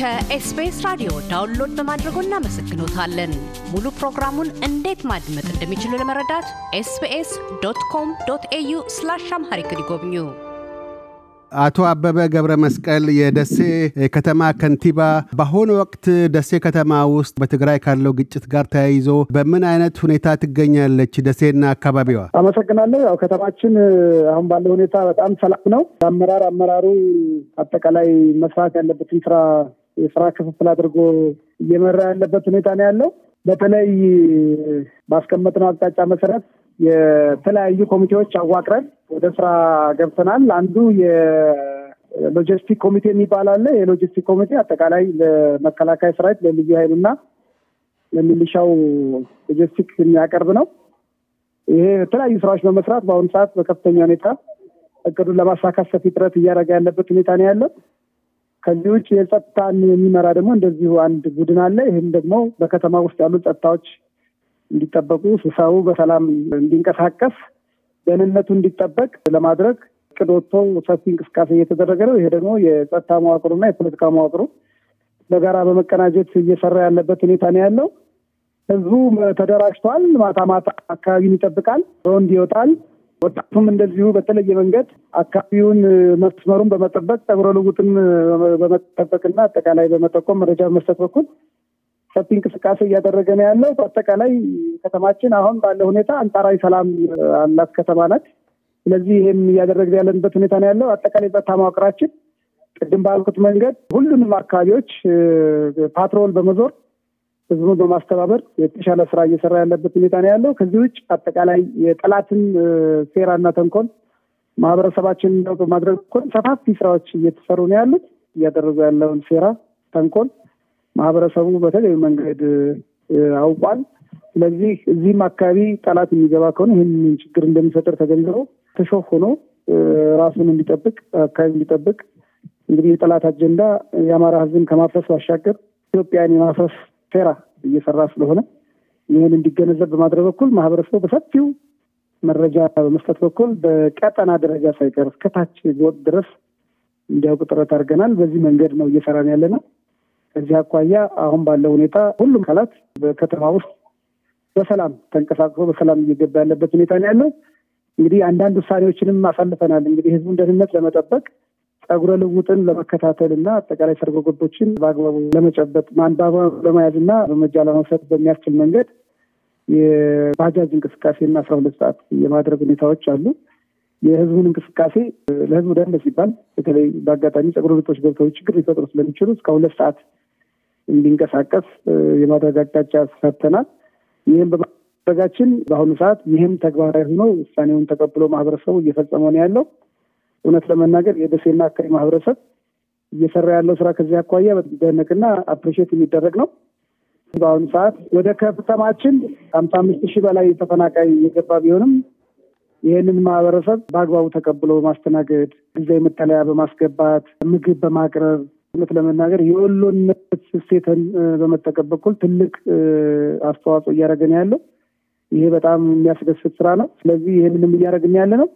ከኤስቢኤስ ራዲዮ ዳውንሎድ በማድረጎ እናመሰግኖታለን። ሙሉ ፕሮግራሙን እንዴት ማድመጥ እንደሚችሉ ለመረዳት ኤስቢኤስ ዶት ኮም ዶት ኤዩ ስላሽ አምሃሪክ ይጎብኙ። አቶ አበበ ገብረ መስቀል የደሴ ከተማ ከንቲባ፣ በአሁኑ ወቅት ደሴ ከተማ ውስጥ በትግራይ ካለው ግጭት ጋር ተያይዞ በምን አይነት ሁኔታ ትገኛለች ደሴና አካባቢዋ? አመሰግናለሁ። ያው ከተማችን አሁን ባለው ሁኔታ በጣም ሰላም ነው። አመራር አመራሩ አጠቃላይ መስራት ያለበትን ስራ የስራ ክፍፍል አድርጎ እየመራ ያለበት ሁኔታ ነው ያለው። በተለይ ባስቀመጥነው አቅጣጫ መሰረት የተለያዩ ኮሚቴዎች አዋቅረን ወደ ስራ ገብተናል። አንዱ የሎጂስቲክ ኮሚቴ የሚባል አለ። የሎጂስቲክ ኮሚቴ አጠቃላይ ለመከላከያ ሰራዊት፣ ለልዩ ኃይሉና ለሚሊሻው ሎጂስቲክ የሚያቀርብ ነው። ይሄ የተለያዩ ስራዎች በመስራት በአሁኑ ሰዓት በከፍተኛ ሁኔታ እቅዱን ለማሳካት ሰፊ ጥረት እያደረገ ያለበት ሁኔታ ነው ያለው። ከዚህ ውጭ የጸጥታን የሚመራ ደግሞ እንደዚሁ አንድ ቡድን አለ። ይህም ደግሞ በከተማ ውስጥ ያሉ ጸጥታዎች እንዲጠበቁ፣ ስሳቡ በሰላም እንዲንቀሳቀስ፣ ደህንነቱ እንዲጠበቅ ለማድረግ ቅዶቶ ሰፊ እንቅስቃሴ እየተደረገ ነው። ይሄ ደግሞ የጸጥታ መዋቅሩና የፖለቲካ መዋቅሩ በጋራ በመቀናጀት እየሰራ ያለበት ሁኔታ ነው ያለው። ህዝቡ ተደራጅቷል። ማታ ማታ አካባቢን ይጠብቃል፣ በወንድ ይወጣል። ወጣቱም እንደዚሁ በተለየ መንገድ አካባቢውን መስመሩን በመጠበቅ ጸጉረ ልውጥን በመጠበቅና አጠቃላይ በመጠቆም መረጃ በመስጠት በኩል ሰፊ እንቅስቃሴ እያደረገ ነው ያለው። በአጠቃላይ ከተማችን አሁን ባለ ሁኔታ አንጻራዊ ሰላም አላት ከተማ ናት። ስለዚህ ይህም እያደረግ ያለንበት ሁኔታ ነው ያለው። አጠቃላይ በታ መዋቅራችን ቅድም ባልኩት መንገድ ሁሉንም አካባቢዎች ፓትሮል በመዞር ህዝቡን በማስተባበር የተሻለ ስራ እየሰራ ያለበት ሁኔታ ነው ያለው። ከዚህ ውጭ አጠቃላይ የጠላትን እና ተንኮል ማህበረሰባችን ነው በማድረግ እኮ ሰፋፊ ስራዎች እየተሰሩ ነው ያሉት። እያደረጉ ያለውን ሴራ ተንኮል ማህበረሰቡ በተለያዩ መንገድ አውቋል። ስለዚህ እዚህም አካባቢ ጠላት የሚገባ ከሆነ ይህንን ችግር እንደሚፈጥር ተገንዝቦ ተሾፍ ሆኖ ራሱን እንዲጠብቅ አካባቢ እንዲጠብቅ እንግዲህ የጠላት አጀንዳ የአማራ ህዝብን ከማፍረስ ባሻገር ኢትዮጵያን የማፍረስ ሴራ እየሰራ ስለሆነ ይህን እንዲገነዘብ በማድረግ በኩል ማህበረሰቡ በሰፊው መረጃ በመስጠት በኩል በቀጠና ደረጃ ሳይቀር እስከታች ወጥ ድረስ እንዲያውቁ ጥረት አድርገናል። በዚህ መንገድ ነው እየሰራን ያለ ነው። ከዚህ አኳያ አሁን ባለው ሁኔታ ሁሉም አካላት በከተማ ውስጥ በሰላም ተንቀሳቅሶ በሰላም እየገባ ያለበት ሁኔታ ነው ያለው። እንግዲህ አንዳንድ ውሳኔዎችንም አሳልፈናል። እንግዲህ ህዝቡን ደህንነት ለመጠበቅ ጸጉረ ልውጥን ለመከታተል እና አጠቃላይ ሰርጎ ገቦችን በአግባቡ ለመጨበጥ ማንባባ ለመያዝ እና እርምጃ ለመውሰድ በሚያስችል መንገድ የባጃጅ እንቅስቃሴና አስራ ሁለት ሰዓት የማድረግ ሁኔታዎች አሉ። የህዝቡን እንቅስቃሴ ለህዝቡ ደንብ ሲባል በተለይ በአጋጣሚ ጸጉረ ልውጦች ገብተው ችግር ሊፈጥሩ ስለሚችሉ እስከ ሁለት ሰዓት እንዲንቀሳቀስ የማድረግ አቅጣጫ ሰጥተናል። ይህም በማድረጋችን በአሁኑ ሰዓት ይህም ተግባራዊ ሆኖ ውሳኔውን ተቀብሎ ማህበረሰቡ እየፈጸመ ነው ያለው። እውነት ለመናገር የደሴና አካባቢ ማህበረሰብ እየሰራ ያለው ስራ ከዚህ አኳያ ደነቅና አፕሪሼት የሚደረግ ነው። በአሁኑ ሰዓት ወደ ከተማችን ሀምሳ አምስት ሺህ በላይ ተፈናቃይ እየገባ ቢሆንም ይህንን ማህበረሰብ በአግባቡ ተቀብሎ በማስተናገድ ጊዜ መጠለያ በማስገባት ምግብ በማቅረብ እውነት ለመናገር የወሎነት እሴትን በመጠቀም በኩል ትልቅ አስተዋጽኦ እያደረገ ነው ያለው። ይሄ በጣም የሚያስደስት ስራ ነው። ስለዚህ ይህንንም እያደረግን ያለ ነው።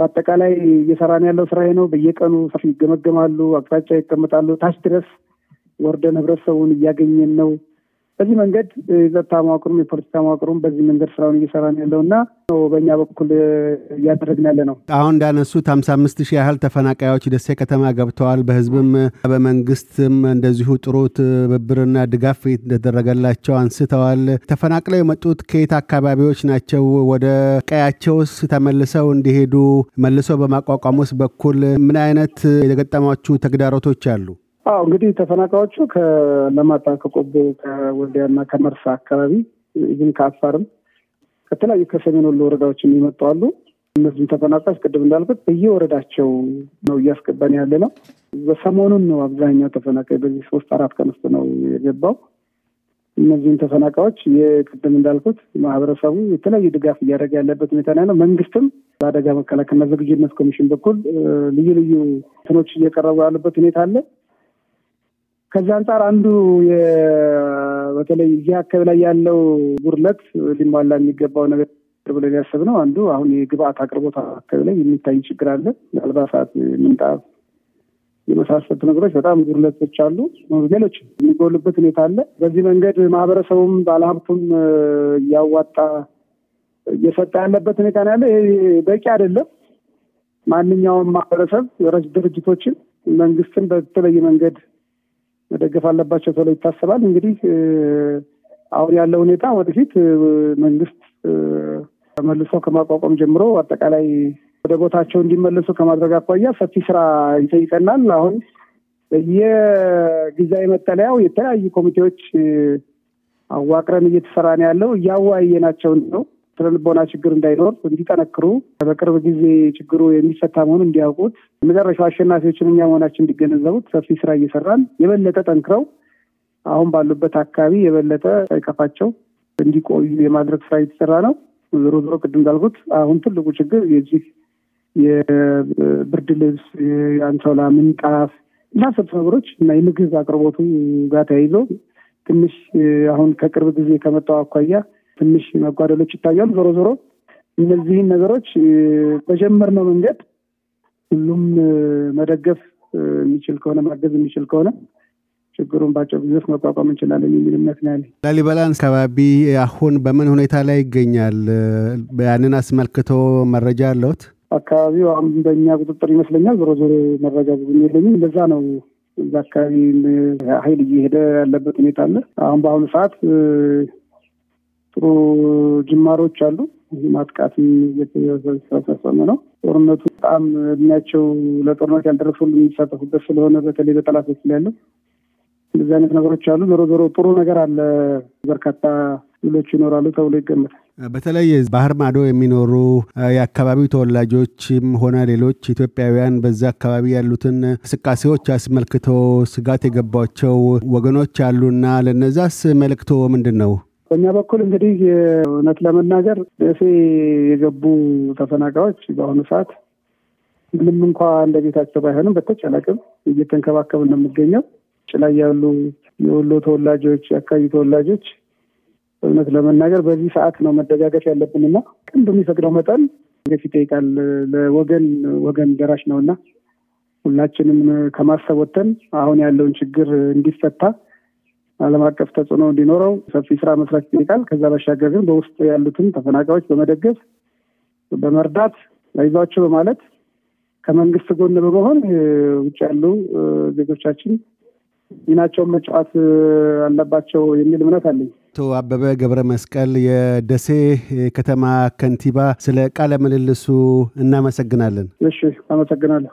በአጠቃላይ እየሰራን ያለው ስራ ነው። በየቀኑ ይገመገማሉ፣ አቅጣጫ ይቀመጣሉ። ታች ድረስ ወርደን ህብረተሰቡን እያገኘን ነው። በዚህ መንገድ የጸጥታ መዋቅሩም የፖለቲካ መዋቅሩም በዚህ መንገድ ስራውን እየሰራ ነው ያለው እና በእኛ በኩል እያደረግን ያለ ነው። አሁን እንዳነሱት ሀምሳ አምስት ሺህ ያህል ተፈናቃዮች ደሴ ከተማ ገብተዋል። በህዝብም በመንግስትም እንደዚሁ ጥሩ ትብብርና ድጋፍ እንደተደረገላቸው አንስተዋል። ተፈናቅለው የመጡት ከየት አካባቢዎች ናቸው? ወደ ቀያቸውስ ተመልሰው እንዲሄዱ መልሶ በማቋቋሙስ በኩል ምን አይነት የገጠሟችሁ ተግዳሮቶች አሉ? አዎ እንግዲህ ተፈናቃዮቹ ከለማጣ ከቆቦ ከወልዲያና ከመርሳ አካባቢ ግን ከአፋርም ከተለያዩ ከሰሜን ወሎ ወረዳዎች የሚመጡ አሉ። እነዚህም ተፈናቃዮች ቅድም እንዳልኩት በየወረዳቸው ነው እያስገባን ያለ ነው። በሰሞኑን ነው አብዛኛው ተፈናቃይ በዚህ ሶስት አራት ቀን ውስጥ ነው የገባው። እነዚህም ተፈናቃዮች የቅድም እንዳልኩት ማህበረሰቡ የተለያዩ ድጋፍ እያደረገ ያለበት ሁኔታ ነው ያለው። መንግስትም በአደጋ መከላከልና ዝግጅነት ኮሚሽን በኩል ልዩ ልዩ እንትኖች እየቀረቡ ያሉበት ሁኔታ አለ። ከዚህ አንጻር አንዱ በተለይ እዚህ አካባቢ ላይ ያለው ጉድለት ሊሟላ የሚገባው ነገር ብሎ ሊያስብ ነው። አንዱ አሁን የግብአት አቅርቦት አካባቢ ላይ የሚታይ ችግር አለ። አልባሳት፣ ምንጣፍ የመሳሰሉት ነገሮች በጣም ጉድለቶች አሉ። ሌሎች የሚጎሉበት ሁኔታ አለ። በዚህ መንገድ ማህበረሰቡም ባለሀብቱም እያዋጣ እየሰጠ ያለበት ሁኔታ ነው ያለ። በቂ አይደለም። ማንኛውም ማህበረሰብ ድርጅቶችን መንግስትን በተለየ መንገድ መደገፍ አለባቸው ተብሎ ይታሰባል። እንግዲህ አሁን ያለው ሁኔታ ወደፊት መንግስት መልሶ ከማቋቋም ጀምሮ አጠቃላይ ወደ ቦታቸው እንዲመለሱ ከማድረግ አኳያ ሰፊ ስራ ይጠይቀናል። አሁን በየጊዜያዊ መጠለያው የተለያዩ ኮሚቴዎች አዋቅረን እየተሰራ ነው ያለው እያወያየናቸው ነው። ስነልቦና ችግር እንዳይኖር እንዲጠነክሩ፣ በቅርብ ጊዜ ችግሩ የሚፈታ መሆኑ እንዲያውቁት፣ የመጨረሻው አሸናፊዎችን እኛ መሆናችን እንዲገነዘቡት ሰፊ ስራ እየሰራን የበለጠ ጠንክረው አሁን ባሉበት አካባቢ የበለጠ ሳይከፋቸው እንዲቆዩ የማድረግ ስራ እየተሰራ ነው። ዞሮ ዞሮ ቅድም እንዳልኩት አሁን ትልቁ ችግር የዚህ የብርድ ልብስ፣ የአንሶላ፣ ምንጣፍ እና ሰብስ ነገሮች እና የምግብ አቅርቦቱ ጋር ተያይዞ ትንሽ አሁን ከቅርብ ጊዜ ከመጣው አኳያ ትንሽ መጓደሎች ይታያሉ። ዞሮ ዞሮ እነዚህን ነገሮች በጀመርነው መንገድ ሁሉም መደገፍ የሚችል ከሆነ ማገዝ የሚችል ከሆነ ችግሩን በአጭር ጊዜ መቋቋም እንችላለን የሚል እምነት ነው ያለ። ላሊበላን አካባቢ አሁን በምን ሁኔታ ላይ ይገኛል? ያንን አስመልክቶ መረጃ አለሁት። አካባቢው አሁን በእኛ ቁጥጥር ይመስለኛል። ዞሮ ዞሮ መረጃ ብዙ የለኝም። እንደዛ ነው። እዛ አካባቢ ኃይል እየሄደ ያለበት ሁኔታ አለ። አሁን በአሁኑ ሰዓት ጥሩ ጅማሮች አሉ። ማጥቃትም እየተፈጸመ ነው። ጦርነቱ በጣም እድሜያቸው ለጦርነት ያልደረሱ የሚሳተፉበት ስለሆነ በተለይ በጠላት ላይ ያለው እንደዚህ አይነት ነገሮች አሉ። ዞሮ ዞሮ ጥሩ ነገር አለ። በርካታ ሌሎች ይኖራሉ ተብሎ ይገመታል። በተለይ ባህር ማዶ የሚኖሩ የአካባቢው ተወላጆችም ሆነ ሌሎች ኢትዮጵያውያን በዛ አካባቢ ያሉትን እንቅስቃሴዎች አስመልክቶ ስጋት የገባቸው ወገኖች አሉና ለነዛስ መልእክቶ ምንድን ነው? በእኛ በኩል እንግዲህ እውነት ለመናገር ደሴ የገቡ ተፈናቃዮች በአሁኑ ሰዓት ምንም እንኳ እንደ ቤታቸው ባይሆንም በተቻለ እየተንከባከብ ነው ውጭ ላይ ያሉ የወሎ ተወላጆች፣ የአካባቢ ተወላጆች እውነት ለመናገር በዚህ ሰዓት ነው መደጋገፍ ያለብንና ቅን በሚፈቅደው መጠን ገፊ ይጠይቃል። ለወገን ወገን ደራሽ ነውና ሁላችንም ከማሰብ ወጥተን አሁን ያለውን ችግር እንዲፈታ ዓለም አቀፍ ተጽዕኖ እንዲኖረው ሰፊ ስራ መስራት ይጠይቃል። ከዛ ባሻገር ግን በውስጡ ያሉትን ተፈናቃዮች በመደገፍ በመርዳት አይዟችሁ በማለት ከመንግስት ጎን በመሆን ውጭ ያሉ ዜጎቻችን ሚናቸውን መጫወት አለባቸው የሚል እምነት አለኝ። አቶ አበበ ገብረ መስቀል የደሴ ከተማ ከንቲባ፣ ስለ ቃለ ምልልሱ እናመሰግናለን። እሺ አመሰግናለሁ።